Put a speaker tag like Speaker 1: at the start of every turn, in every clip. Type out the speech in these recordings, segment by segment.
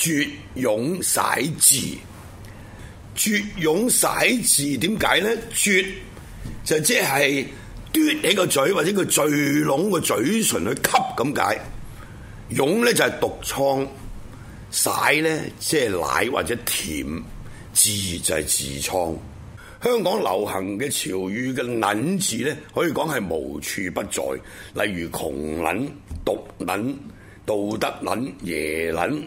Speaker 1: 絕擁洗字，絕擁洗字點解咧？絕就即係嘟起個嘴或者個聚攏個嘴唇去吸咁解。擁咧就係毒瘡，洗咧即係奶或者甜，痔就係痔瘡。香港流行嘅潮語嘅撚字咧，可以講係無處不在，例如窮撚、毒撚、道德撚、耶撚。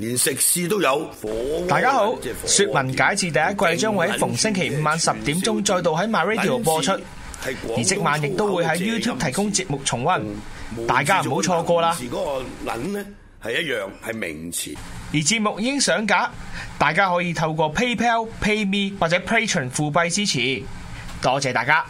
Speaker 1: 連食肆都有。大家好，說文
Speaker 2: 解字第一季將會逢星期五晚十點鐘再度喺 MyRadio 播出，
Speaker 1: 而今晚亦都會喺 YouTube 提
Speaker 2: 供節目重溫，大家唔好錯過啦。
Speaker 1: 一樣而節
Speaker 2: 目已經上架，大家可以透過 PayPal、PayMe 或者 Patreon 貨幣支持，多謝大家。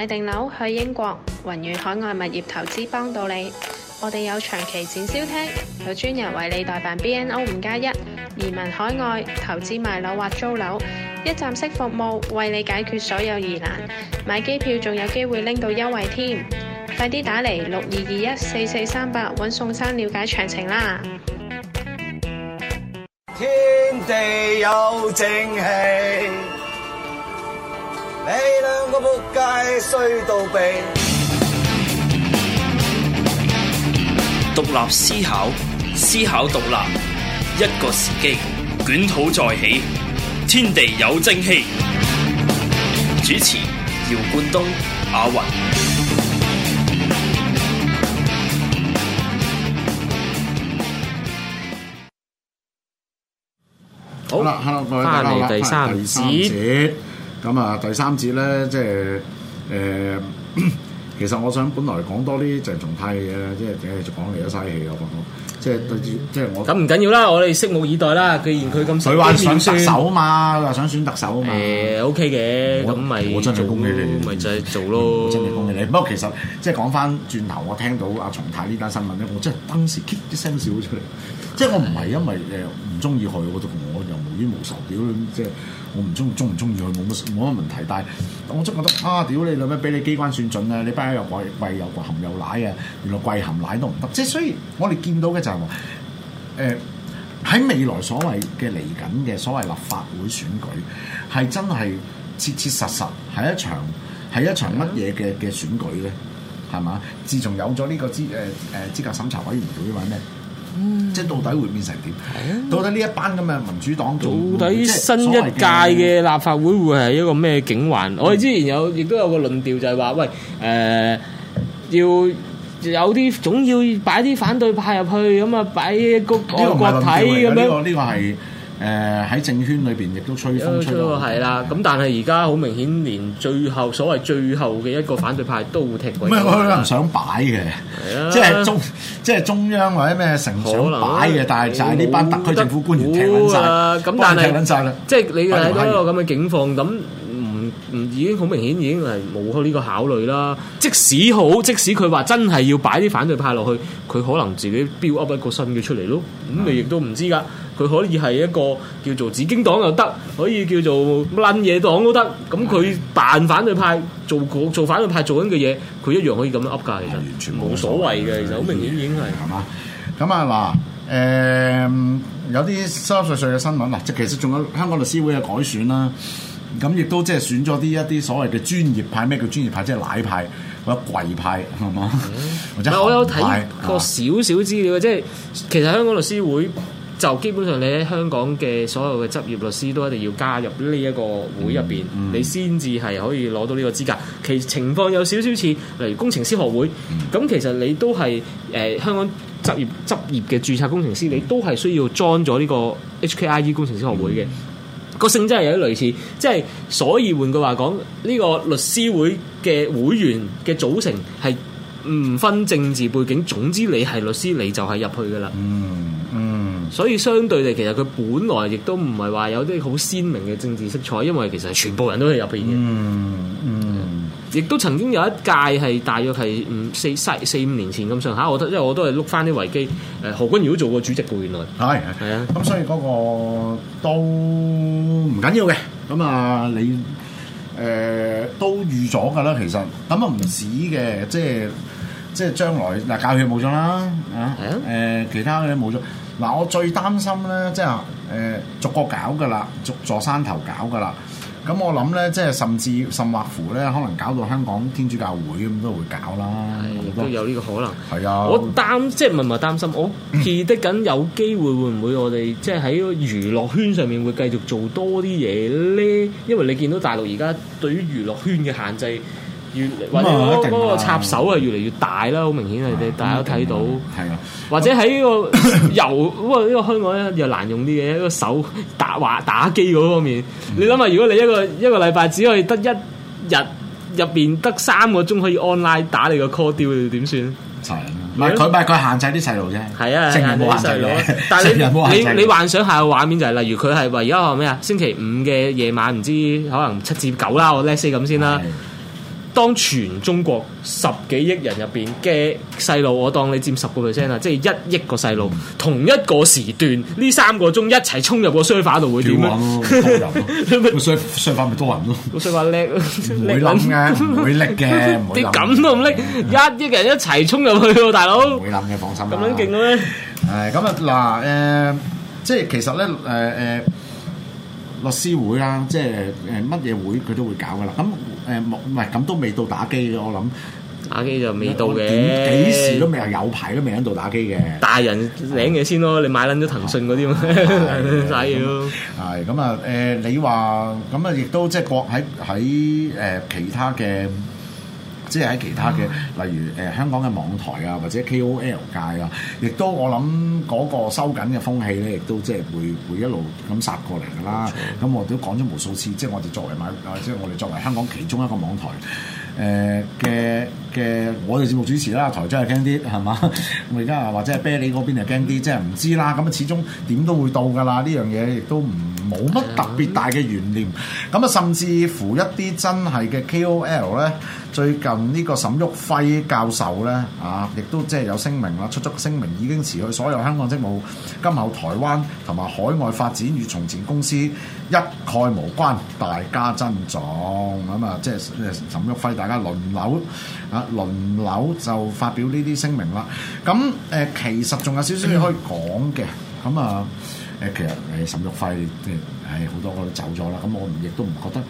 Speaker 1: 買定樓去英國，宏遠海外物業投資幫到你。我哋
Speaker 2: 有長期展銷廳，有專人為你代辦 BNO 五加一移民海外投資賣樓或租樓，一站式服務為你解決所有疑難。買機票仲有機會拎到優惠添，快啲打嚟六二二一四四三八搵宋生了解詳情啦。
Speaker 3: 天地有正氣。皆
Speaker 4: 需
Speaker 2: 道別。獨立思考，思考獨立。一個時機，捲土再起，天地友政氣。主持：姚
Speaker 1: 冠東、阿云好。好
Speaker 3: 啦，翻嚟第三節。咁啊、嗯，第三節咧，即係誒、呃，其實我想本來講多啲鄭松泰嘅，即係誒講嚟都嘥氣，我講即係對住
Speaker 2: 即係我。咁唔緊要啦，我哋拭目以待啦。既然佢咁、啊、想，想選特首
Speaker 3: 嘛，話想選特首嘛。OK 嘅，咁咪我，就我，我真係恭喜你，咪就係做咯。我真係恭喜你。不過其實即係講翻轉頭，我聽到阿松泰呢單新聞咧，我真係當時 kick 一聲笑出嚟。即係我唔係因為誒唔中意佢，我同我又無冤無仇，屌即係。即我唔中，中唔中意佢冇乜冇乜問題，但係我真覺得啊，屌你老咩俾你機關算準啊？你班又貴喂又含又奶啊！原來貴含奶都唔得，即係所以我哋見到嘅就係話，誒、呃、喺未來所謂嘅嚟緊嘅所謂，所謂立法會選舉係真係切切實實係一場係一場乜嘢嘅嘅選舉咧？係嘛？自從有咗呢個資誒誒資格審查委員會嘅話咧。嗯，即係到底會變成點？到底呢一班咁嘅民主黨，
Speaker 2: 到底新一屆嘅立法會會係一個咩景環？我哋之前有，亦都有個論調就係話，喂，誒，要有啲總要擺啲反對派入去，咁啊擺個國體咁樣。呢個係誒喺政圈裏邊亦都吹風，係啦。咁但係而家好明顯，連最後所謂最後嘅一個反對派都踢。唔係佢係
Speaker 3: 想擺嘅，
Speaker 2: 即係中即係中央或者咩成想擺嘅，但係就係呢班特區政府官員咁但曬，都啦。即係你睇到個咁嘅境況，咁唔唔已經好明顯，已經係冇呢個考慮啦。即使好，即使佢話真係要擺啲反對派落去，佢可能自己標 up 一個新嘅出嚟咯。咁你亦都唔知㗎。佢可以係一個叫做紫荊黨又得，可以叫做乜撚嘢黨都得。咁佢扮反對派做做反對派做緊嘅嘢，佢一樣可以咁樣噏噶。其實完全冇所謂嘅，其實好明顯已經係係嘛？
Speaker 3: 咁啊嗱，誒、嗯呃、有啲濕濕碎碎嘅新聞啊，即其實仲有香港律師會嘅改選啦。咁亦都即係選咗啲一啲所謂嘅專業派，咩
Speaker 2: 叫專業派？即係奶派或者貴派係嘛？嗯、我有睇過少少資料，即係吧其實香港律師會。就基本上你喺香港嘅所有嘅執業律師都一定要加入呢一個會入邊，嗯嗯、你先至係可以攞到呢個資格。其情況有少少似，例如工程師學會，咁、嗯、其實你都係誒、呃、香港執業執業嘅註冊工程師，你都係需要 join 咗呢個 HKIE 工程師學會嘅個、嗯、性質係有啲類似，即係所以換句話講，呢、這個律師會嘅會員嘅組成係唔分政治背景，總之你係律師你就係入去噶啦。嗯所以相對地，其實佢本來亦都唔係話有啲好鮮明嘅政治色彩，因為其實係全部人都係入邊嘅、嗯。嗯嗯，亦都曾經有一屆係大約係五四四四五年前咁上下，我覺得因為我都係碌翻啲維基，誒、呃、何君堯都做過主席嘅，原來係係啊。咁、
Speaker 3: 嗯、所以嗰個都唔緊要嘅，咁啊你誒、呃、都預咗㗎啦。其實咁啊唔止嘅，即係即係將來嗱教協冇咗啦，啊誒、啊、其他嘅冇咗。嗱，我最擔心咧，即係誒、呃、逐個搞噶啦，逐座山頭搞噶啦。咁我諗咧，即係甚至甚或乎咧，可能搞到香港天主教會咁都會搞啦。係、哎，亦都不有
Speaker 2: 呢個可能。係啊呀，我擔即係唔係唔係擔心，我記得緊有機會會唔會我哋即係喺娛樂圈上面會繼續做多啲嘢咧？因為你見到大陸而家對於娛樂圈嘅限制。越或者嗰嗰個插手係越嚟越大啦，好明顯係你大家都睇到。係啊，或者喺呢個遊咁啊，呢個香港咧又難用啲嘅，一個手打滑打機嗰方面。你諗下，如果你一個一個禮拜只可以得一日入邊得三個鐘可以 online 打你個 call deal，你點算？殘忍啊！唔係佢，唔係佢限制啲細路啫。係啊，成人冇限制嘅。但係你你你幻想下個畫面就係，例如佢係話，而家話咩啊？星期五嘅夜晚，唔知可能七至九啦，我叻些咁先啦。當全中國十幾億人入邊嘅細路，我當你佔十個 percent 啦，即係一億個細路，同一個時段呢三個鐘一齊衝入個沙發度會點諗？
Speaker 3: 多人個沙沙發咪多人咯？
Speaker 2: 個沙發叻，唔會諗嘅，唔會拎嘅，唔會諗。咁都唔拎，一億人一齊衝入去，大佬。唔會諗嘅，放心。咁樣勁嘅咩？誒，咁啊嗱，誒，即係其實咧，誒誒。
Speaker 3: 律師會啦，即係誒乜嘢會佢都會搞噶啦。咁誒冇，唔係，咁
Speaker 2: 都未到打機嘅，我諗打機就未到嘅，幾時都未
Speaker 3: 係有牌都未喺度打
Speaker 2: 機嘅。大人領嘢先咯，你買撚咗騰訊嗰啲嘛？使要係
Speaker 3: 咁啊？誒你話咁啊，亦都即係國喺，喺誒其他嘅。即係喺其他嘅，嗯、例如誒、呃、香港嘅網台啊，或者 KOL 界啊，亦都我諗嗰個收緊嘅風氣咧，亦都即係會會一路咁殺過嚟㗎啦。咁錯我都講咗無數次，即係我哋作為買，即係我哋作為香港其中一個網台。誒嘅嘅，我哋節目主持啦，台中係驚啲，係嘛？我而家或者係啤梨嗰邊係驚啲，即係唔知啦。咁啊，始終點都會到㗎啦。呢樣嘢亦都唔冇乜特別大嘅懸念。咁啊、嗯，甚至乎一啲真係嘅 KOL 咧，最近呢個沈旭輝教授咧啊，亦都即係有聲明啦，出足聲明已經辭去所有香港職務，今後台灣同埋海外發展與從前公司一概無關，大家珍重咁啊、嗯！即係，即係沈玉輝，大家輪流啊，輪流就發表呢啲聲明啦。咁、嗯、誒，其實仲有少少嘢可以講嘅。咁、嗯、啊，誒、嗯，其實誒，沈玉輝誒，好、哎、多個都走咗啦。咁我亦都唔覺得誒、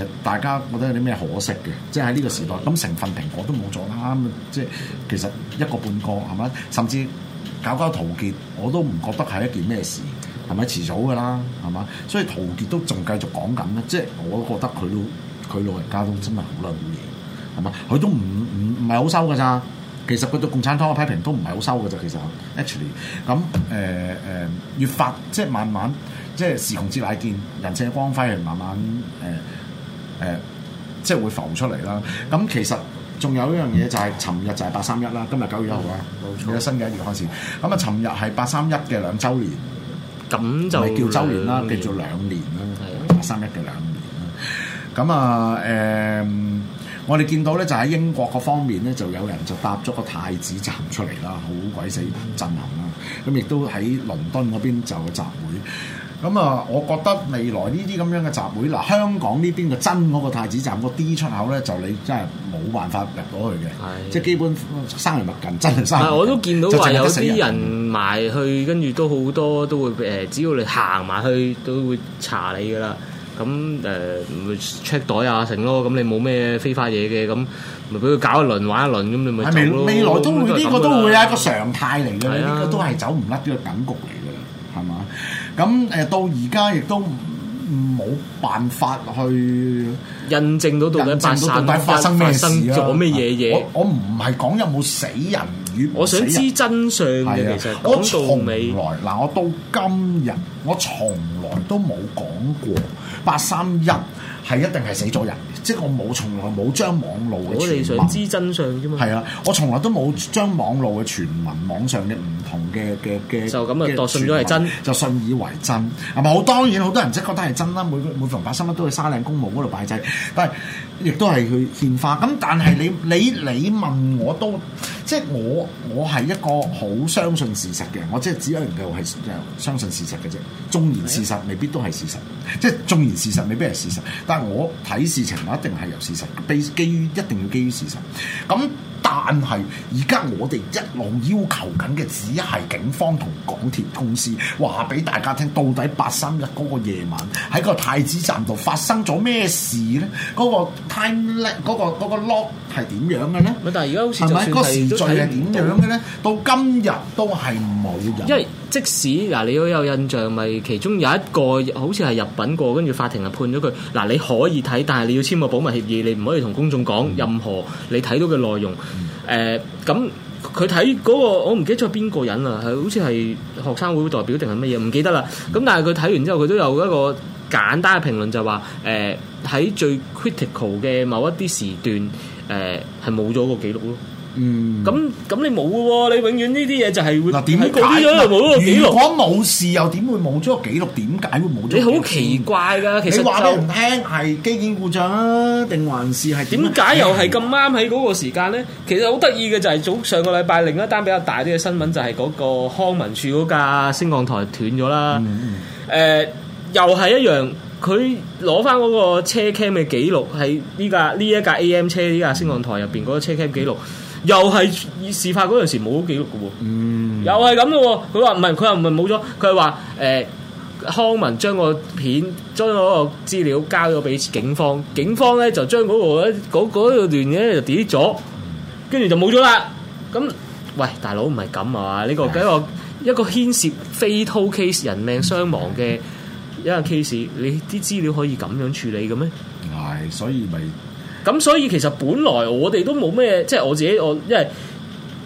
Speaker 3: 呃，大家覺得有啲咩可惜嘅。即係喺呢個時代，咁成份蘋果都冇咗啦。即係其實一個半個係咪？甚至搞個陶傑，我都唔覺得係一件咩事。係咪遲早㗎啦？係嘛，所以陶傑都仲繼續講緊咧，即係我都覺得佢都佢老人家都真係好耐冇嘢，係嘛？佢都唔唔唔係好收㗎咋，其實佢對共產黨嘅批評都唔係好收㗎咋。其實 actually，咁誒誒，越、呃呃、發即係慢慢，即係時窮之乃見人性嘅光輝，係慢慢誒誒、呃呃，即係會浮出嚟啦。咁其實仲有一樣嘢就係、是，尋日就係八三一啦，今日九月一號啊，冇錯，新嘅一月開始。咁啊，尋日係八三一嘅兩週年。咁就叫周年啦，叫做兩年啦，八三一嘅兩年啦。咁啊，誒、呃，我哋見到咧，就喺、是、英國各方面咧，就有人就搭咗個太子站出嚟啦，好鬼死震撼啦。咁亦都喺倫敦嗰邊就有個集會。咁啊、嗯，我覺得未來呢啲咁樣嘅集會，嗱、呃、香港呢邊嘅真嗰個太子站個 D 出口咧，就你真係冇辦法入到去嘅，是的 即係基本生人勿近，真係生人勿近。我都
Speaker 2: 見到話有啲人埋去，跟住都好多都會誒、呃，只要你行埋去都會查你㗎喇。咁、嗯、誒、呃、check 袋啊成咯，咁你冇咩非法嘢嘅咁，咪俾佢搞一輪玩一輪咁，你咪走咯。未來都會呢個都會係一個
Speaker 3: 常態嚟嘅，呢的、啊、個都係走唔甩呢嘅格局嚟嘅。係嘛？咁誒、嗯，到而家亦
Speaker 2: 都冇辦法去印證到到，印證到到底發生咩事啊？咩嘢
Speaker 3: 嘢？我我唔係講有冇死人與，人我想知真相嘅。啊、其實我從來嗱、啊，我到今日我從來都冇講過八三一係一定係死咗人，即、就、係、是、我冇從來冇將網絡嘅傳聞。我哋想知真相啫嘛。係啊，我從來都冇將網絡嘅傳聞網上嘅。同嘅嘅嘅就咁啊，信咗係真就信以為真。係咪好當然，好多人即覺得係真啦。每個每逢百姓乜都去沙嶺公墓嗰度拜祭，但係亦都係去獻花。咁但係你你你問我都，即係我我係一個好相信事實嘅人。我即係只有一樣我係相信事實嘅啫。縱然事實未必都係事實，即係縱然事實未必係事實，但係我睇事情一定係由事實，基基於一定要基於事實咁。但係而家我哋一路要求緊嘅只係警方同港鐵公司話俾大家聽，到底八三一嗰個夜晚喺個太子站度發生咗咩事咧？嗰、嗰個 timeline、嗰、嗰個嗰 log 係點樣嘅咧、嗯？但係而家好似，係咪時序係點樣嘅咧？到今日都係冇人。
Speaker 2: 因為即使嗱，你都有印象，咪其中有一個好似係入稟過，跟住法庭就判咗佢。嗱，你可以睇，但係你要簽個保密協議，你唔可以同公眾講任何你睇到嘅內容。誒、嗯。咁佢睇嗰個，我唔記得咗邊個人啊，係好似係學生會代表定係乜嘢，唔記得啦。咁但係佢睇完之後，佢都有一個簡單嘅評論就話：誒、呃，喺最 critical 嘅某一啲時段，誒、呃，係冇咗個記錄咯。嗯，咁咁你冇喎，你永遠呢啲嘢就係會。嗱，點解如果冇事又點會冇咗個記錄？點解會冇咗？你好奇
Speaker 3: 怪噶，其實你話俾我唔聽，係機件故障啊，定還是係點解又係
Speaker 2: 咁啱喺嗰個時間咧？其實好得意嘅就係早上個禮拜另一單比較大啲嘅新聞就係嗰個康文署嗰架升降台斷咗啦。誒、嗯，呃，又係一樣，佢攞翻嗰個車 cam 嘅記錄，喺呢架呢一架 A M 車呢架升降台入邊嗰個車 cam 記錄。嗯又係事發嗰陣時冇記錄嘅喎，嗯、又係咁咯。佢話唔係，佢又唔係冇咗，佢係話誒，康文將個片將嗰個資料交咗俾警方，警方咧就將嗰部嗰段嘢就 delete 咗，跟住就冇咗啦。咁，喂大佬唔係咁啊。呢，個一個 一個牽涉 fatal case 人命傷亡嘅一個 case，你啲資料可以咁樣處理嘅咩？係所以咪？咁所以其實本來我哋都冇咩，即係我自己我，因為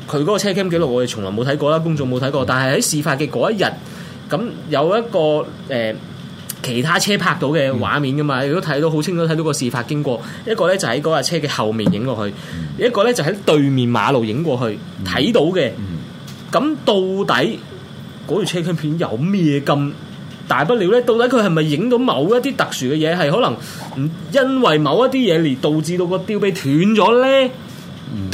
Speaker 2: 佢嗰個車 cam 記錄我哋從來冇睇過啦，公眾冇睇過。但係喺事發嘅嗰一日，咁有一個誒、呃、其他車拍到嘅畫面噶嘛，亦都睇到好清楚睇到個事發經過。一個咧就喺嗰架車嘅後面影落去，嗯、一個咧就喺對面馬路影過去睇到嘅。咁、嗯嗯、到底嗰條車 cam 片有咩咁？大不了咧，到底佢係咪影到某一啲特殊嘅嘢，係可能，唔，因為某一啲嘢而導致到個吊臂斷咗咧？嗯、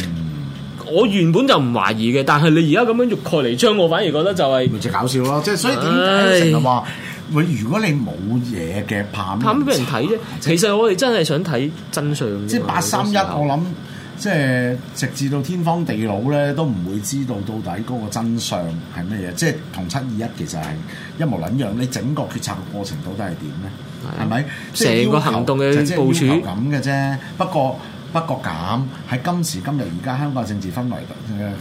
Speaker 2: 我原本就唔懷疑嘅，但係你而家咁樣欲蓋彌彰，我反而覺得就係、是……咪就搞笑咯！即係所以點解成日話，咪唉如果你冇嘢嘅怕怕咩俾人睇啫？其實我哋真係想睇真相。即係八三一，我
Speaker 3: 諗。即係直至到天荒地老咧，都唔會知道到底嗰個真相係咩嘢。即係同七二一其實係一模撚樣。你整個決策過程到底係點咧？
Speaker 2: 係咪的？成個行動嘅即係部署
Speaker 3: 咁嘅啫。不過，不過咁，喺今時今日而家香港政治氛圍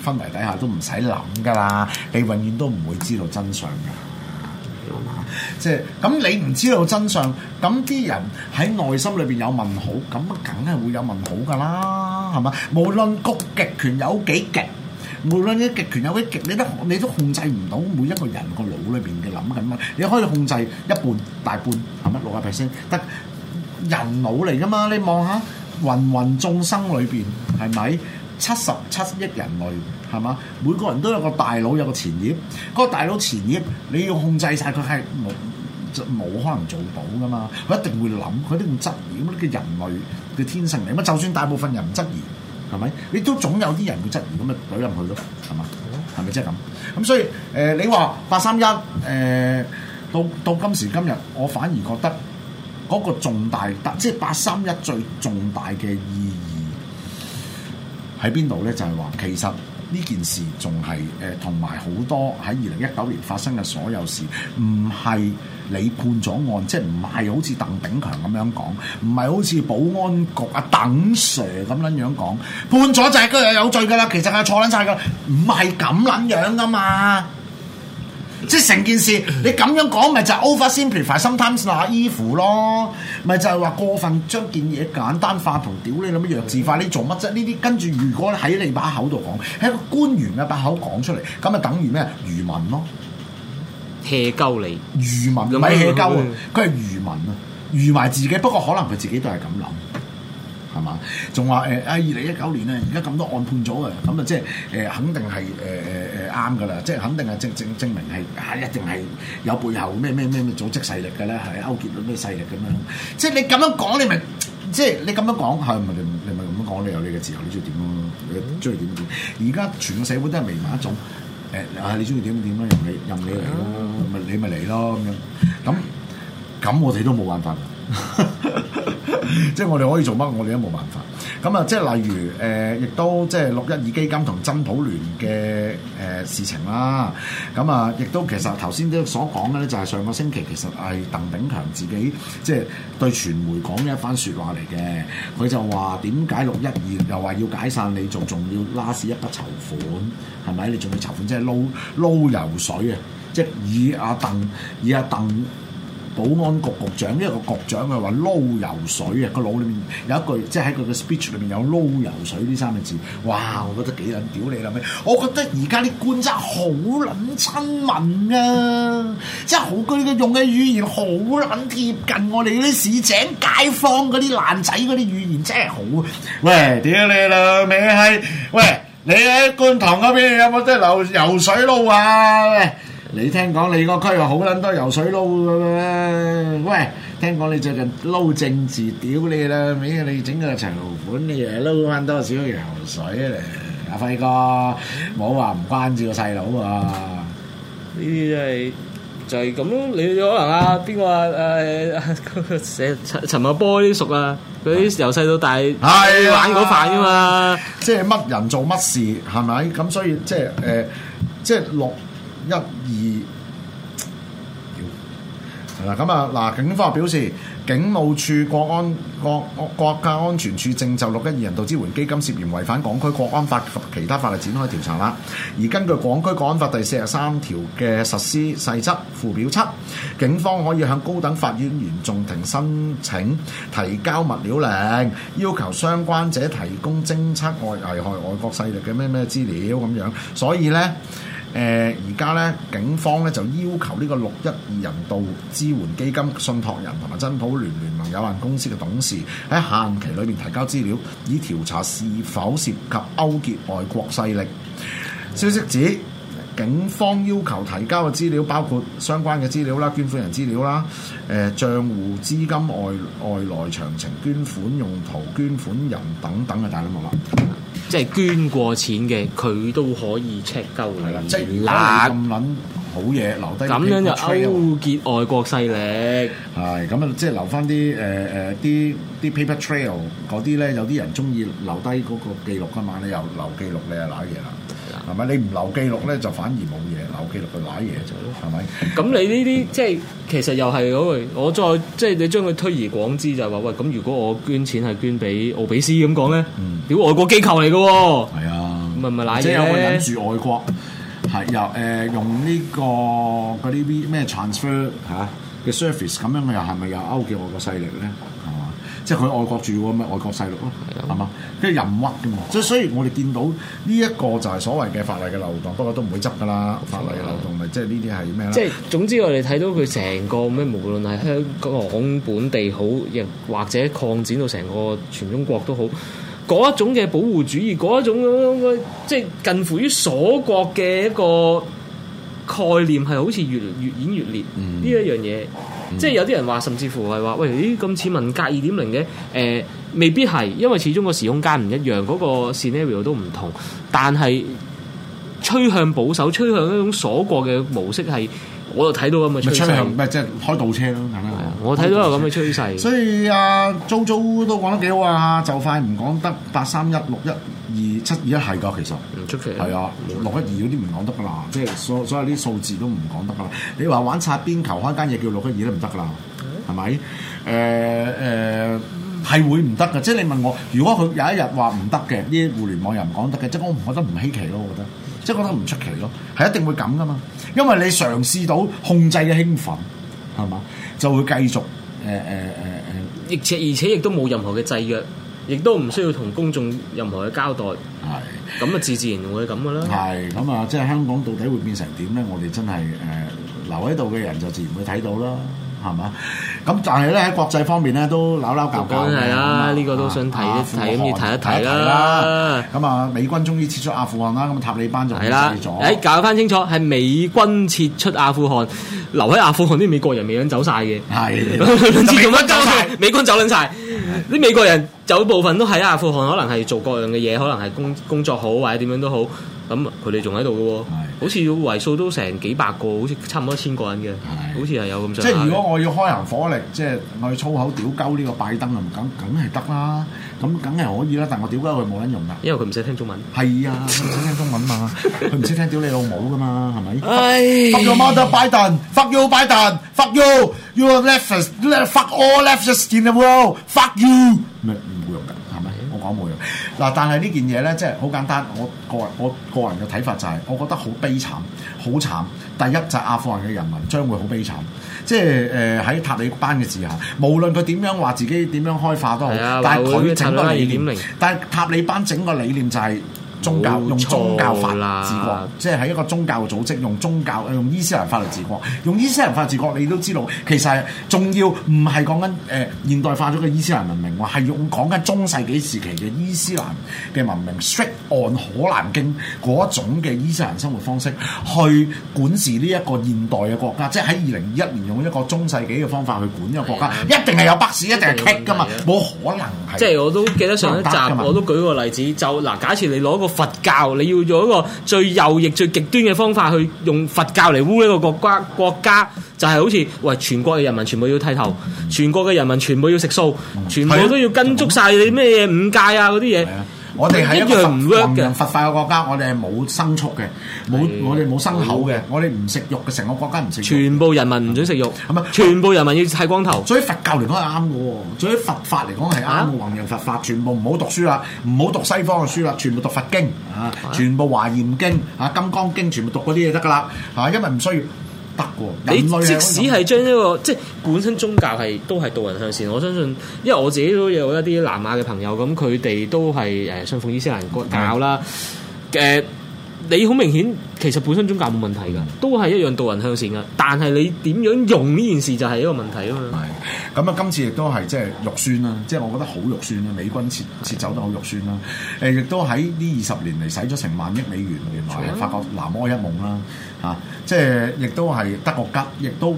Speaker 3: 氛圍底下都唔使諗㗎啦。你永遠都唔會知道真相㗎。係嘛？即係咁，你唔知道真相，咁啲人喺內心裏邊有問號，咁梗係會有問號㗎啦，係嘛？無論極極權有幾極，無論你極權有幾極，你都你都控制唔到每一個人個腦裏邊嘅諗緊乜，你可以控制一半、大半係咪六百 percent？得人腦嚟㗎嘛？你望下芸芸眾生裏邊係咪七十七億人類？係嘛？每個人都有個大腦，有個前葉。嗰個大腦前葉你要控制晒佢，係冇冇可能做到噶嘛？佢一定會諗，佢一定會質疑。咁呢個人類嘅天性嚟。咁就算大部分人唔質疑，係咪？你都總有啲人會質疑，咁咪懟入去咯，係嘛？係咪即係咁？咁所以誒、呃，你話八三一誒到到今時今日，我反而覺得嗰個重大，即係八三一最重大嘅意義喺邊度咧？就係、是、話其實。呢件事仲係誒，同埋好多喺二零一九年發生嘅所有事，唔係你判咗案，即係唔係好似鄧炳強咁樣講，唔係好似保安局阿鄧、啊、Sir 咁撚樣講，判咗就係佢有罪噶啦，其實係錯撚晒噶，唔係咁撚樣噶嘛。即係成件事，你咁樣講咪就 over simplify sometimes 嗱，衣服咯，咪就係話過分將件嘢簡單化同屌你諗乜弱智化，你做乜啫？呢啲跟住如果喺你把口度講，喺一個官員嘅把口講出嚟，咁咪等於咩？愚民咯，
Speaker 2: 邪鳩你，
Speaker 1: 愚民咪邪鳩
Speaker 3: 佢係愚民啊，愚埋自己。不過可能佢自己都係咁諗。係嘛？仲話誒啊！二零一九年啊，而家咁多案判咗、呃呃呃呃呃呃呃、啊，咁啊即係誒肯定係誒誒誒啱㗎啦，即係肯定係證證證明係一定係有背後咩咩咩咩組織勢力㗎啦，係勾結到咩勢力咁樣。即係你咁樣講，你咪即係你咁樣講，係咪你咪咁樣講？你有你嘅自由，你中意點咯？你中意點點。而家全個社會都係彌漫一種誒啊！你中意點點啦，任你任你嚟啦，咪你咪嚟咯咁樣。咁咁我哋都冇辦法。 即係我哋可以做乜？我哋都冇辦法。咁啊，即係例如誒、呃，亦都即係六一二基金同真普聯嘅誒事情啦。咁啊，亦都其實頭先都所講嘅咧，就係、是、上個星期其實係鄧炳強自己即係對傳媒講嘅一番話說話嚟嘅。佢就話點解六一二又話要解散你，仲仲要 last 一筆籌款，係咪？你仲要籌款，即係撈撈油水啊！即係以阿鄧以阿鄧。保安局局長呢個局長佢話撈油水啊，個腦裏面有一句即係、就、喺、是、佢嘅 speech 裏邊有撈油水呢三個字哇，我覺得幾撚屌你啦咩？我覺得而家啲官真係好撚親民啊，即係好佢嘅用嘅語言好撚貼近我哋啲市井街坊嗰啲爛仔嗰啲語言真係好。喂，屌你啦屌閪！喂，你喺觀塘嗰邊有冇啲撈油水撈啊？你聽講你個區話好撚多游水撈㗎咩？喂，聽講你最近撈政治，屌你啦！咩啊，你整個長款，你又撈翻多少游水啊？阿輝哥，冇話唔關注個細佬
Speaker 2: 啊！呢啲係就係咁，你可能啊邊個啊誒陳陳茂波呢啲熟啊？佢啲由細到大玩
Speaker 3: 嗰塊吖嘛，即係乜人做乜事係咪？咁所以即係誒，即係落。一二，係啦咁啊！嗱，警方表示，警務處國安國國家安全處正就六一二人道支援基金涉嫌違反港區國安法及其他法例，展開調查啦。而根據港區國安法第四十三條嘅實施細則附表七，警方可以向高等法院原訟庭申請提交物料令，要求相關者提供偵測外危害外國勢力嘅咩咩資料咁樣。所以呢。誒而家咧，警方咧就要求呢個六一二人道支援基金信託人同埋真普聯聯盟有限公司嘅董事喺限期裏面提交資料，以調查是否涉及勾結外國勢力。消息指。警方要求提交嘅資料包括相關嘅資料啦、捐款人資料啦、誒、呃、帳戶資金外外來詳情、捐款用途、捐款人等等嘅大堆物料。
Speaker 2: 即係捐過錢嘅，佢都可以 check 鳩你。係啦、啊，即係咁撚好嘢，留低咁樣就勾結外國勢力。
Speaker 3: 係咁啊，即係留翻啲誒誒啲啲 paper trail 嗰啲咧，有啲人中意留低嗰個記錄噶嘛？你又留記錄，你又瀨嘢啦。係咪你唔留記錄咧，就反而冇嘢留記錄去攋嘢就咯，係咪？
Speaker 2: 咁你呢啲即係其實又係嗰個，我再即係你將佢推而廣之，就係、是、話喂，咁如果我捐錢係捐俾奧比斯咁講咧，屌、嗯、外國機構嚟嘅喎，係啊，唔咪攋嘢我隱住外國，係
Speaker 3: 又誒、呃、用呢、這個嗰啲咩 transfer 嚇嘅 surface 咁樣，我又係咪又勾結我個勢力咧？即係佢外國住㗎嘛，外國細路咯，係嘛吧？即係人屈㗎嘛，即係所以，我哋見到呢一個就係所謂嘅法例嘅漏洞，不過都唔會執㗎啦，錯法例嘅漏洞咪、就是、即係呢啲係咩咧？即係
Speaker 2: 總之，我哋睇到佢成個咩，無論係香港本地好，亦或者擴展到成個全中國都好，嗰一種嘅保護主義，嗰一種咁樣，即、就、係、是、近乎於鎖國嘅一個概念，係好似越越演越烈呢、嗯、一樣嘢。嗯、即係有啲人話，甚至乎係話，喂，咦，咁似文革二點零嘅，誒、呃，未必係，因為始終個時空間唔一樣，嗰、嗰個 scenario 都唔同，但係，趨向保守，趨向一種鎖國嘅模式係。我就睇到咁
Speaker 3: 嘅趨勢，唔即係開倒車咯，係咪啊？我睇到有咁嘅趨勢，所以啊，Zoo 都講得幾好啊！就快唔講得八三一六一二七二一係噶，其實唔出奇，係啊，六一二嗰啲唔講得噶啦，即係所所有啲數字都唔講得噶啦。你話玩擦邊球開間嘢叫六一二都唔得噶啦，係咪的？誒誒，係、呃呃、會唔得嘅？即係你問我，如果佢有一日話唔得嘅，呢啲互聯網又唔講得嘅，即係我覺得唔稀奇咯，我覺得。即係覺得唔出奇咯，係一定會咁㗎嘛，因為你嘗試到控制嘅興奮，係嘛，就會繼續
Speaker 2: 誒誒誒誒，而且而且亦都冇任何嘅制約，亦都唔需要同公眾任何嘅交代，係咁啊，自自然會咁㗎啦。係咁
Speaker 3: 啊，即係香港到底會變成點咧？我哋真係誒、呃、留喺度嘅人就自然會睇到啦，係嘛。咁但係咧，喺國際方面咧都扭扭架架嘅，冇關係啊！呢個都想提一提，咁要提一提啦。咁啊，美軍終於撤出阿富汗啦，咁塔利班就係啦。
Speaker 2: 誒，搞翻清楚，係美軍撤出阿富汗，留喺阿富汗啲美國人未樣走晒嘅。係，走晒，美軍走撚晒。啲美國人走部分都喺阿富汗，可能係做各樣嘅嘢，可能係工工作好或者點樣都好。咁佢哋仲喺度嘅喎。好似個位數都成幾百個，好似差唔多一千個人嘅，的好似係有咁上下。即係如果
Speaker 3: 我要開行火力，即、就、係、是、我要粗口屌鳩呢個拜登，就唔敢，梗係得啦，咁梗係可以啦。但係我屌鳩佢冇撚用啦，因為佢唔識聽中文。係啊，佢唔識聽中文嘛，佢唔識聽屌 你老母噶嘛，係咪 Ay y.？Fuck your mother, Biden. Fuck you, Biden. Fuck you. You are leftists you fuck all leftists in the world. Fuck you. 嗱，但係呢件嘢呢，即係好簡單。我個我，我個人嘅睇法就係、是，我覺得好悲慘，好慘。第一就係、阿富汗嘅人民將會好悲慘，即係喺、呃、塔利班嘅時候，無論佢點樣話自己點樣開化都好，啊、但係佢整個理念，但係塔利班整個理念就係、是。宗教用宗教法治國，啦，即係喺一個宗教組織用宗教用伊斯蘭法嚟治國，用伊斯蘭法治國，你都知道其實仲要唔係講緊誒現代化咗嘅伊斯蘭文明話係，用講緊中世紀時期嘅伊斯蘭嘅文明，strict on 可蘭經嗰種嘅伊斯蘭生活方式去管治呢一個現代嘅國家，即係喺二零二一年用一個中世紀嘅方法去管一個國家，的一定係有巴士一定係㗎嘛，冇可能係，即係我
Speaker 2: 都記得上一集我都舉過例子，就嗱，假設你攞個。佛教你要用一個最右翼、最極端嘅方法去用佛教嚟污呢個國家。國家，就係好似喂，全國嘅人民全部要剃頭，全國嘅人民全部要食素，全部都要跟足晒你咩嘢五戒啊，嗰啲嘢。我哋係一個弘揚佛法嘅國家，我哋係冇牲畜嘅，冇我哋冇牲
Speaker 3: 口嘅，我哋唔食肉嘅，成個國家唔食肉。全
Speaker 2: 部人民唔准食肉，係咪、嗯？全部人民要剃光頭。
Speaker 3: 所以佛教嚟講係啱嘅，所以佛法嚟講係啱嘅。弘揚、啊、佛法全部唔好讀書啦，唔好讀西方嘅書啦，全部讀佛經啊，啊，全部華嚴經啊、金剛經，全部讀嗰啲嘢得㗎啦，嚇、啊，因為唔需要。你即使
Speaker 2: 係將呢個即本身宗教係都係導人向善，我相信，因為我自己都有一啲南亞嘅朋友，咁佢哋都係誒信奉伊斯蘭教啦。誒的、呃，你好明顯，其實本身宗教冇問題噶，的都係一樣導人向善噶。但係你點樣用呢件事就係一個問題啊嘛。
Speaker 3: 係咁啊！今次亦都係即係肉酸啦，即係我覺得好肉酸啦。美軍撤撤走得好肉酸啦。誒的，亦都喺呢二十年嚟使咗成萬億美元原來，發覺南柯一夢啦。啊！即係亦都係得個吉，亦都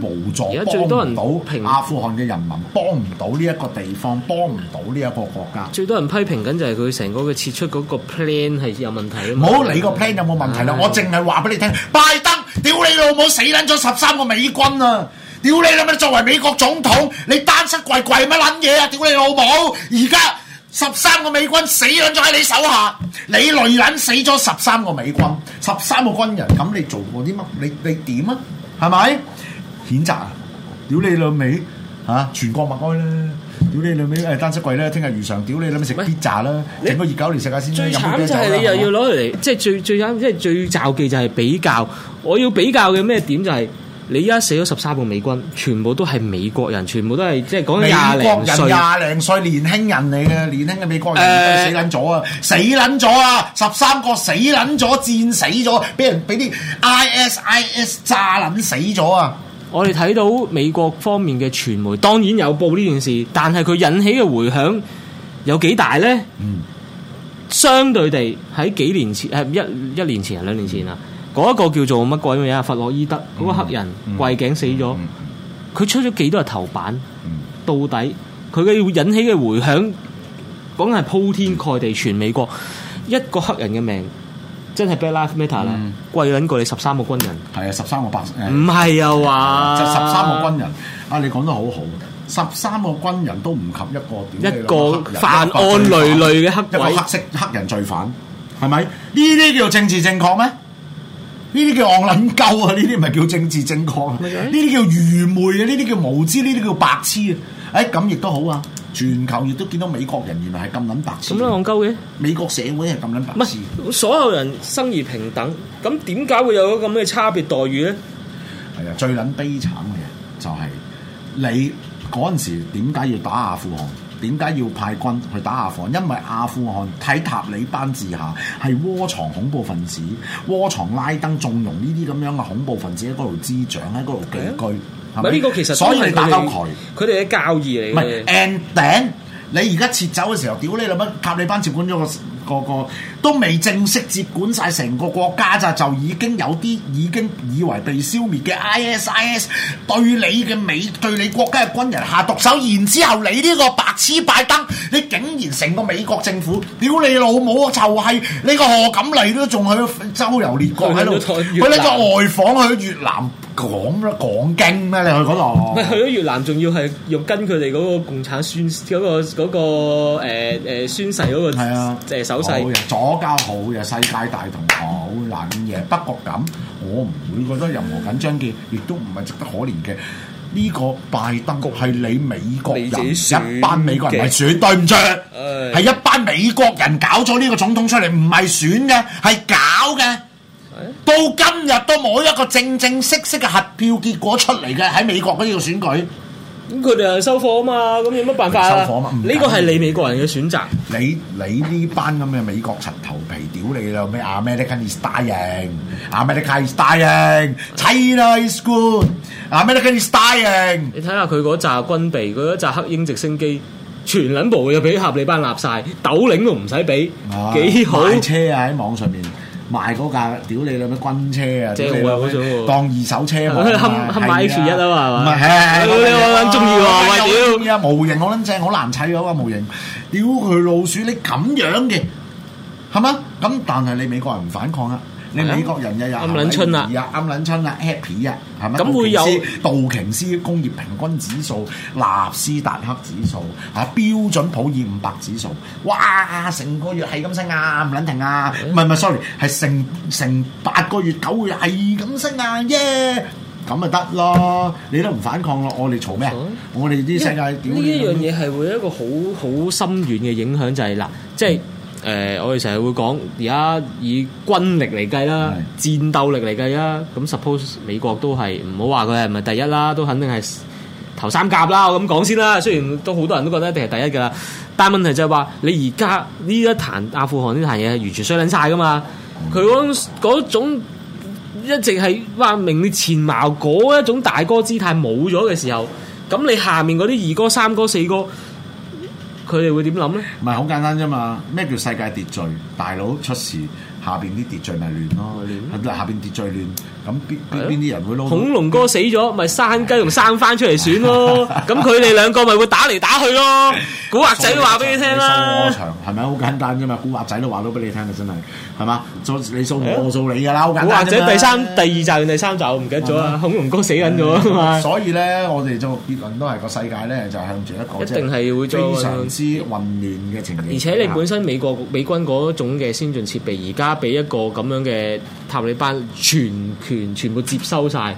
Speaker 3: 無助幫唔到阿富汗嘅人民，幫唔到呢一個地方，幫唔到呢一個國家。
Speaker 2: 最多人批評緊就係佢成個嘅撤出嗰個 plan 係有問題，唔好冇理個 plan、啊、有冇問題啦，啊、我淨係話俾你聽，對
Speaker 3: 拜登，屌你老母，死撚咗十三個美軍啊！屌你老母，你作為美國總統，你單膝跪跪乜撚嘢啊！屌你老母！而家。十三個美軍死撚咗喺你手下，你累撚死咗十三個美軍，十三個軍人，咁你做過啲乜？你你點啊？係咪譴責啊？屌你老味吓，全國默哀啦！屌你老味，誒、呃，單膝跪啦，聽日如常，屌你諗住食必炸啦，整喂個熱狗嚟食下先。你先最慘就係你又要
Speaker 2: 攞嚟嗎，即係最最慘，即係最就忌就係比較。我要比較嘅咩點就係、是。你依家死咗十三個美軍，全部都係美國人，全部都係，即係講廿零廿
Speaker 3: 零歲年輕人嚟嘅，年輕嘅美國人，人，美國人死撚咗啊！死撚咗啊！十三個死撚咗，戰死咗，俾人俾啲
Speaker 2: ISIS 炸撚死咗啊！我哋睇到美國方面嘅傳媒，當然有報呢件事，但係佢引起嘅回響有幾大咧？嗯，相對地喺幾年前，誒一一年前啊，兩年前啊。嗰一個叫做乜鬼嘢？啊？弗洛伊德嗰、嗰個黑人、嗯、跪頸死咗，佢出咗幾多日頭版？嗯、到底佢嘅會引起嘅回響，講緊係鋪天蓋地全美國一個黑人嘅命，真係 bad life matter 啦！貴撚過你十三個軍人，係啊，十三個白，唔、呃、係啊，話就十三個軍人。啊你講得好
Speaker 3: 好，十三個軍人都唔及一個點一個犯案累累嘅黑一黑色黑人罪犯，係咪？呢啲叫做政治正確咩？呢啲叫戇撚鳩啊！呢啲唔係叫政治正確、啊，呢啲麼叫愚昧啊！呢啲叫無知，呢啲叫白痴啊！誒、哎，咁亦都好啊！全球亦都見到美國人原來係咁撚白痴，咁
Speaker 2: 戇鳩嘅美國社會係咁撚白乜事？所有人生而平等，咁點解會有咁嘅差別待遇咧？係啊，最撚悲慘嘅就係、是、你
Speaker 3: 嗰陣時點解要打阿富汗。點解要派軍去打阿富汗？因為阿富汗喺塔利班治下，係窩藏恐怖分子、窩藏拉登、縱容呢啲咁樣嘅恐怖分子喺嗰度滋長、喺嗰度寄居。係咪、啊？呢吧個其實，所以你打鳩佢，佢哋嘅教義嚟嘅。唔係 end 頂，then, 你而家撤走嘅時候，屌你老母，塔利班接管咗個。個個都未正式接管晒成個國家咋，就已經有啲已經以為被消滅嘅 ISIS 對你嘅美對你國家嘅軍人下毒手，然之後你呢個白痴拜登，你竟然成個美國政府屌你，你老母啊、就係！就係你個賀錦麗都仲去周遊列國喺度，佢呢個外訪越南去，去越南講啦講經咩？你去嗰度？咪
Speaker 2: 去咗越南，仲要係要跟佢哋嗰個共產宣嗰、嗰個嗰、嗰個誒誒宣誓嗰個誒手。好嘅，左交好嘅，世界大同好撚嘢。不過咁，
Speaker 3: 我唔會覺得任何緊張嘅，亦都唔係值得可憐嘅。呢、這個拜登局係你美國人國一班美國人唔係選對唔住，係、哎、一班美國人搞咗呢個總統出嚟，唔係選嘅，係搞嘅。哎、到今日都冇一個正正式式嘅核票結果出嚟嘅喺美國嗰呢個選舉。咁佢哋又收貨
Speaker 2: 啊嘛，咁有乜辦法啊？收貨嘛，呢個係你美國人嘅選擇。你你
Speaker 3: 呢班咁嘅美國層頭皮屌你啦咩？America is dying，America is
Speaker 2: dying，School！America is dying。你睇下佢嗰紮軍備，嗰紮黑鷹直升機，全撚部又俾合理班攬晒，斗領都唔使俾，幾好、啊？買
Speaker 3: 車啊！喺網上面。賣嗰架屌你兩咩軍車啊，即係當二手車，冚冚買 H 一
Speaker 2: 啊嘛。唔係，你我我中
Speaker 3: 意喎，喂，屌，啊，模型好撚正，好難砌啊，模型，屌佢老鼠，你咁樣嘅，係嘛？咁但係你美國人唔反抗啊？你美國人又有啱撚春啦，啱撚春啦，happy 啊，係咪？咁會有道瓊斯工業平均指數、納斯達克指數、啊標準普爾五百指數，哇！成個月係咁升啊，唔撚停啊？唔係唔係，sorry，係成成八個月九個月咁係
Speaker 2: 咁升啊，耶！咁咪得咯？你都唔反抗咯？我哋嘈咩啊？我哋啲世界點呢一樣嘢係會有一個好好深遠嘅影響，就係啦，即係。誒、呃，我哋成日會講而家以軍力嚟計啦，是戰鬥力嚟計啦，咁 suppose 美國都係唔好話佢係唔係第一啦，都肯定係頭三甲啦。我咁講先啦，雖然都好多人都覺得一定係第一噶啦，但問題就係話你而家呢一壇阿富汗呢壇嘢係完全衰捻晒噶嘛？佢嗰嗰種一直係話名列前茅嗰一種大哥姿態冇咗嘅時候，咁你下面嗰啲二哥、三哥、四哥。佢哋會點諗咧？唔係好簡單啫嘛！咩
Speaker 3: 叫世界秩序？大佬出事，下邊啲秩序咪亂咯。係咩，下邊秩序亂。
Speaker 2: 咁邊邊邊啲人會攞？恐龍哥死咗，咪山雞同山番出嚟選咯。咁佢哋兩個咪會打嚟打去咯。古惑仔話俾你聽啦。你掃
Speaker 3: 我場係咪好簡單啫嘛？古惑仔都話到俾你聽嘅，真係係嘛？做你掃我掃你噶啦，好簡單啫。古惑仔第三
Speaker 2: 第二集定第三集，我唔記得咗啦。恐龍哥死緊咗啊嘛。所
Speaker 3: 以咧，我哋做結論都係個世界咧，就向住一個一定係會非常之混亂嘅情形。而且你本
Speaker 2: 身美國美軍嗰種嘅先進設備，而家俾一個咁樣嘅塔利班全。全全部接收晒。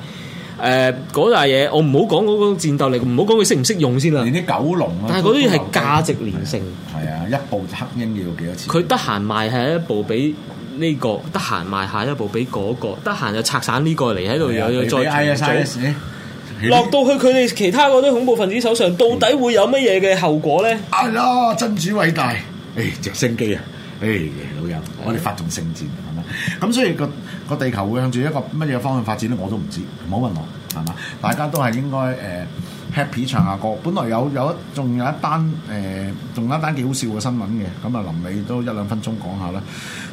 Speaker 2: 誒嗰笪嘢，我唔好講嗰個戰鬥力，唔好講佢識唔識用先啦。連啲九龍、啊，但係嗰啲係價值連城。係啊，啊，一部黑鷹要幾多錢？佢得閒賣下一部俾呢、呢個，得閒賣下一部俾嗰、嗰個，得閒就拆散呢個嚟喺度，又要、啊、再再落比到去佢哋其他嗰啲恐怖分子手上，到底會有乜嘢嘅後果咧？係咯、哎，真主偉大。誒直升機
Speaker 3: 啊！誒、哎、老友，我哋發動聖戰係嘛？
Speaker 2: 咁 所以個個地球會向住一
Speaker 3: 個乜嘢方向發展咧，我都唔知，唔好問我係嘛？ 大家都係應該誒、uh, happy 唱下歌。本來有有仲有一單誒，仲、uh, 有一單幾好笑嘅新聞嘅，咁啊臨尾都一兩分鐘講下啦。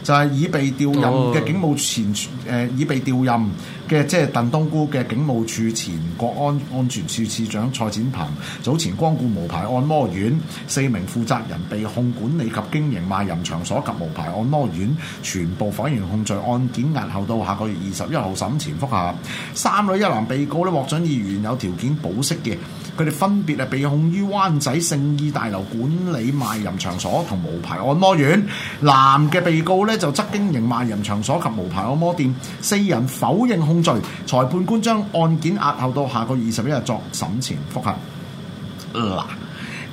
Speaker 3: 就係、是、已被調任嘅警務前誒已、oh. 呃、被調任。嘅即係鄧東姑嘅警務處前國安安全處處長蔡展鵬早前光顧無牌按摩院，四名負責人被控管理及經營賣淫場所及無牌按摩院，全部否認控罪，案件押後到下個月二十一號審前復核。三女一男被告咧獲准以原有條件保釋嘅，佢哋分別係被控於灣仔聖意大樓管理賣淫場所同無牌按摩院，男嘅被告咧就則經營賣淫場所及無牌按摩店，四人否認控。罪裁判官將案件押後到下個月二十一日作審前複核。嗱，誒、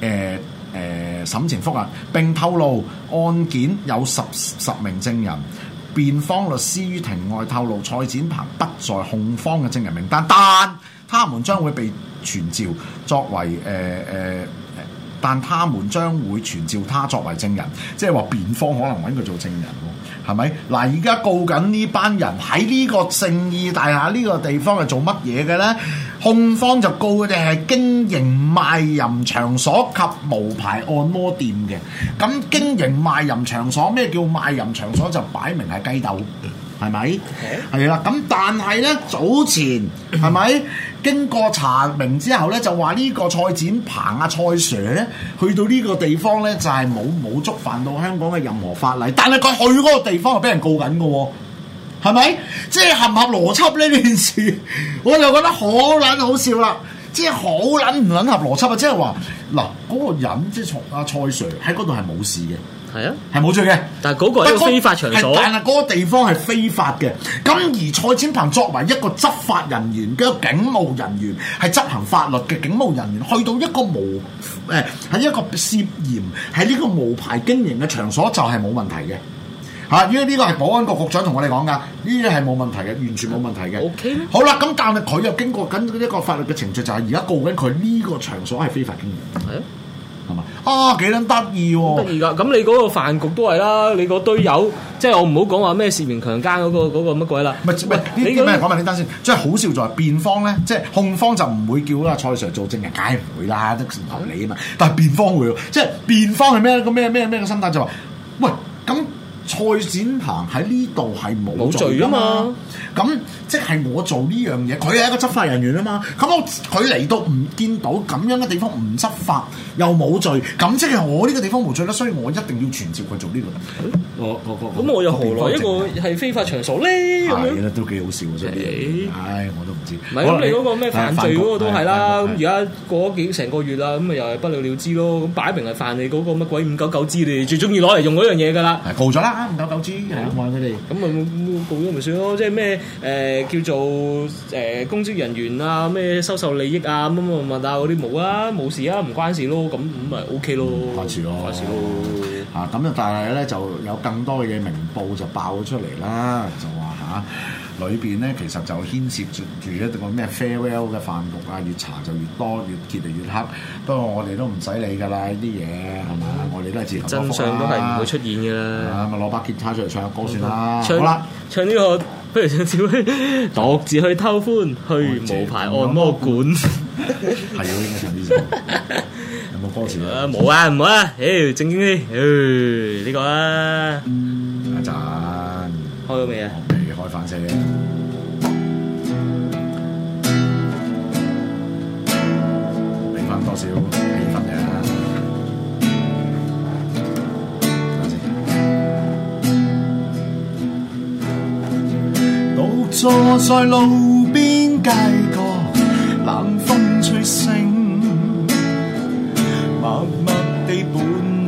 Speaker 3: 呃、誒，審、呃、前複核，並透露案件有十十名證人。辯方律師於庭外透露蔡展鵬不在控方嘅證人名單，但他們將會被傳召作為誒誒、呃，但他們將會傳召他作為證人，即係話辯方可能揾佢做證人。係咪？嗱，而家告緊呢班人喺呢個聖義大廈呢個地方係做乜嘢嘅呢？控方就告佢哋係經營賣淫場所及無牌按摩店嘅。咁經營賣淫場所，咩叫賣淫場所？就擺明係雞竇。係咪？係啦，咁 Okay. 但係咧，早前係咪？ 經過查明之後咧，就話呢個蔡展鵬啊、蔡 Sir 咧，去到呢個地方咧，就係冇冇觸犯到香港嘅任何法例。但係佢去嗰個地方係俾人告緊嘅，係咪？即係合唔合邏輯呢件事？我就覺得好捻好笑啦，即係好捻唔捻合邏輯啊！即係話嗱，嗰、嗰個人即係蔡阿蔡 Sir 喺嗰度係冇事嘅。係啊，係冇罪嘅。
Speaker 2: 但係嗰個係一個非法場所，但係
Speaker 3: 個地方係非法嘅。咁的而蔡展鵬作為一個執法人員，一個警務人員，係執行法律嘅警務人員，去到一個無誒，喺、呃、一個涉嫌喺呢個無牌經營嘅場所，就係冇問題嘅。吓、啊，因為呢個係保安局局長同我哋講㗎，呢啲係冇問題嘅，完全冇問題
Speaker 2: 嘅。O K。Okay? 好啦，
Speaker 3: 咁但係佢又經過緊一個法律嘅程序，就係而家告緊佢呢個場所係非法經營。係
Speaker 2: 啊。係嘛？啊，幾撚得意喎！得意噶，咁你嗰個飯局都係啦，你嗰堆友，即係我唔好講話咩涉嫌強姦嗰個乜鬼啦。唔，你叫咩？講埋呢單先，即係好笑在辯方咧，即係控方就唔會叫啦，蔡 Sir 做證人，梗唔會
Speaker 3: 啦，都唔合理啊嘛。但係辯方會，即係辯方係咩？個咩咩咩嘅心態就話：喂，咁蔡展鵬喺呢度係冇罪噶嘛？咁即係我做呢樣嘢，佢係一個執法人員啊嘛。咁我佢嚟到唔見到咁樣嘅地方唔執法。又冇罪，咁即係我呢個地方冇罪啦，所以我一定要傳召佢做呢個。
Speaker 2: 我我我，咁我又何來一個係非法場所咧？咁樣都幾好笑喎！出啲嘢，
Speaker 3: 唉，我都唔知。唔係咁，你嗰個咩犯罪嗰個都係啦。咁而
Speaker 2: 家過咗幾成個月啦，咁咪又係不了了之咯。咁擺明係犯你嗰個乜鬼五九九支，你最中意攞嚟用嗰樣嘢㗎啦。係告咗啦，五九九支，係嘛？佢哋咁咪告咗咪算咯？即係咩？誒叫做誒公職人員啊，咩收受利益啊，乜乜乜啊嗰啲冇啊，冇事啊，唔關事咯。咁咁咪 O K 咯，掛住咯，掛咁、嗯、啊，但係咧
Speaker 3: 就有更多嘅嘢明報就爆咗出嚟啦，就話吓，裏邊咧其實就牽涉住住一個咩 farewell 嘅飯局啊，越查就越多，越揭嚟越，越，越黑。不過、嗯、我哋都唔使理噶啦，啲嘢係咪？我哋都係自求多福，真相都係唔會出現嘅啦。啊，攞把結他出嚟唱歌算啦。唱好啦，
Speaker 2: 唱呢、這個不如唱啲獨自去偷歡，去無牌按摩館。係喎，應該唱呢首。 啊，冇啊，唔好啊，妖，正經啲，呢個啊，阿盞開咗未啊？未開翻聲，
Speaker 3: 俾翻多少氣氛嚟啊！多謝。獨坐
Speaker 4: 在路邊街角，冷風吹醒。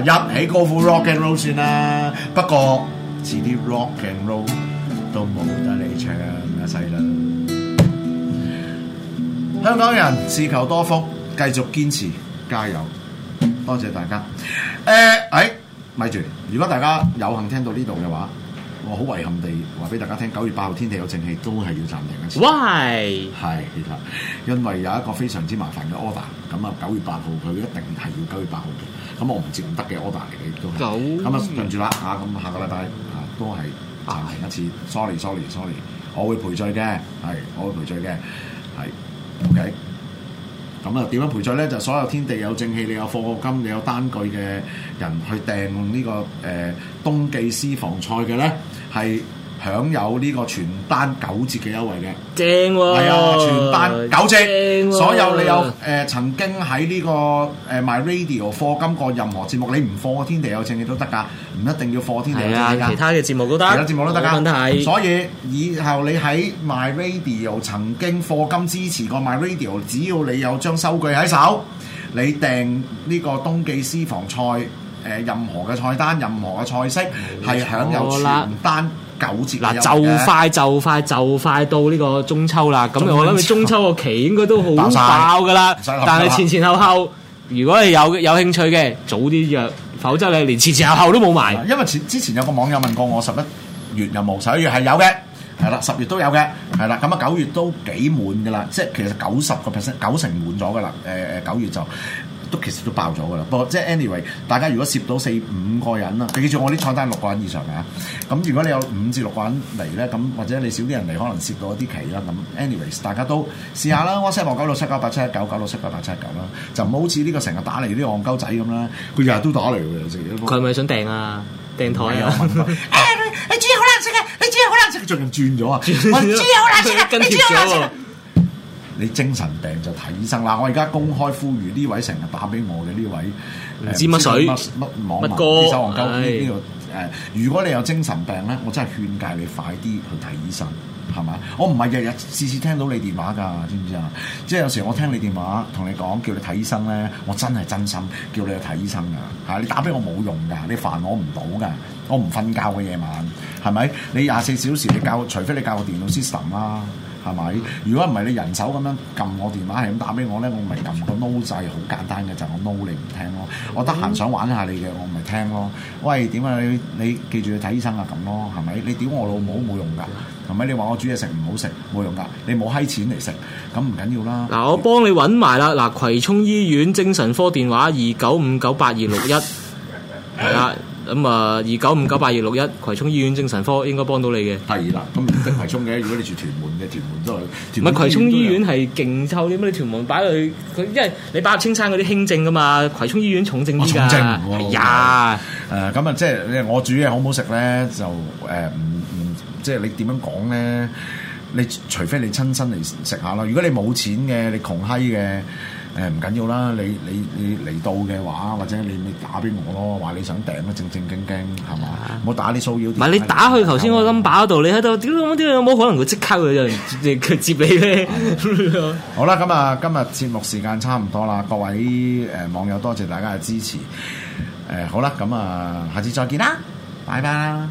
Speaker 3: 一起高呼 Rock and Roll 先啦！不過遲啲 Rock and Roll 都冇得你唱一世啦。香港人自求多福，繼續堅持，加油！多謝大家。誒、呃，喺，咪住！如果大家有幸聽到呢度嘅話，我好遺憾地話俾大家聽，九月八號天地有正氣都係要暫停一次。Why？係其實因為有一個非常之麻煩嘅 order，咁啊九月八號佢一定係要九月八號嘅，咁我唔接唔得嘅 order 嚟嘅亦都係。九咁月啊，順住啦嚇，咁下個禮拜啊都係暫停一次。Sorry，sorry，sorry，、ah, sorry, sorry, 我會賠罪嘅，係我會賠罪嘅，係 OK。咁啊點樣賠罪咧？就是、所有天地有正氣，你有貨金，你有單據嘅人去訂呢、這個誒、呃、冬季私房菜嘅咧。係享有呢個全單九折
Speaker 2: 嘅優惠嘅，啊，正喎！係啊，全單九折，正啊，所有你有
Speaker 3: 誒、呃、曾經喺呢、這個誒、呃、My Radio 課金過任何節目，你唔課天地友政氣嘅都得噶，唔一定要課天地友政氣噶。其他嘅節目都得，其他節目都得噶。問題，所以以後你喺 My Radio 曾經課金支持過 My Radio，只要你有張收據喺手，你訂呢個冬季私房菜。誒，任何嘅菜單，任何嘅菜式係享有全單九折嘅。就快
Speaker 2: 就快就快到呢個中秋啦！咁我諗，你中秋個期應該都好爆㗎啦。了但係前前後後，如果你有有興趣嘅，早啲約，否則你連前前後後都冇埋。因為前之前有個網友問過我十一月，十一月有冇？十一月係有嘅，係啦，十月都有嘅，
Speaker 3: 係啦。咁啊，九月都幾滿㗎啦，即係其實九十個 percent 九成滿咗㗎啦。誒誒，九月就。都其實都爆咗㗎啦，不過即係 anyway，大家如果涉到四五個人啦，記住我啲菜單六個人以上嘅，咁如果你有五至六個人嚟咧，咁或者你少啲人嚟，可能涉到一啲奇啦。咁 anyways，大家都試下啦，WhatsApp 九六七九八七一九九六七八八七一九啦，就唔好似呢個成日打嚟呢個戇鳩仔咁啦，佢日日都打嚟嘅，成日。佢係
Speaker 2: 咪想訂啊？訂台啊？你你煮嘢好
Speaker 3: 難食嘅，你煮嘢好難食，最近轉咗了啊！我煮嘢好難食嘅，你煮嘢好難食。你精神病就睇醫生啦！我而家公開呼籲呢位成日打俾我嘅呢位唔知乜水乜乜網民、蜘蛛王呢個誒、呃，如果你有精神病咧，我真係勸戒你快啲去睇醫生，係咪？我唔係日日次次聽到你電話㗎，知唔知啊？即係有時我聽你電話同你講叫你睇醫生咧，我真係真心叫你去睇醫生㗎嚇！你打俾我冇用㗎，你煩我唔到㗎，我唔瞓覺嘅夜晚係咪？你廿四小時你教，除非你教個電腦 system 啦。係咪？如果唔係你人手咁樣撳我電話係咁打俾我咧，我咪撳個 no 掣，好簡單嘅就我 no 你唔聽咯。我得閒想玩下你嘅，我咪聽咯。喂，點解、啊、你你記住去睇醫生啊，咁咯，係咪？你屌我老母冇用㗎，係咪？你話我煮嘢食唔好食冇用㗎，你冇閪錢嚟食咁唔緊要啦。
Speaker 2: 嗱、啊，我幫你揾埋啦。嗱、啊，葵涌醫院精神科電話二九五九八二六一係啦。 了 咁啊，二九五九八二六一，葵涌醫院精神科應該幫到你嘅。係啦，咁唔得葵涌嘅， 如果你住屯門嘅，屯門都係。唔係葵涌醫院係勁臭啲咩？你屯門擺佢，佢因為你擺青山嗰啲輕症噶嘛，葵涌醫院重症啲㗎。重症係、哦、啊，誒咁啊，即
Speaker 3: 係我煮嘢好唔好食咧？就誒唔唔，即係你點樣講咧？你除非你親身嚟食下啦。如果你冇錢嘅，你窮閪嘅。誒唔緊要啦，你你你嚟到嘅話，或者你你打俾我咯，話你想訂咁正正經經
Speaker 2: 係嘛？唔好、啊、打啲騷擾。唔係你打去頭先個金把度、啊，你喺度點點點，有冇可能佢即刻去嚟嚟接你咩？
Speaker 3: 好啦，咁啊，今日節目時間差唔多啦，各位誒、呃、網友，多謝大家嘅支持。誒、呃、好啦，咁啊，下次再見啦，拜拜啦。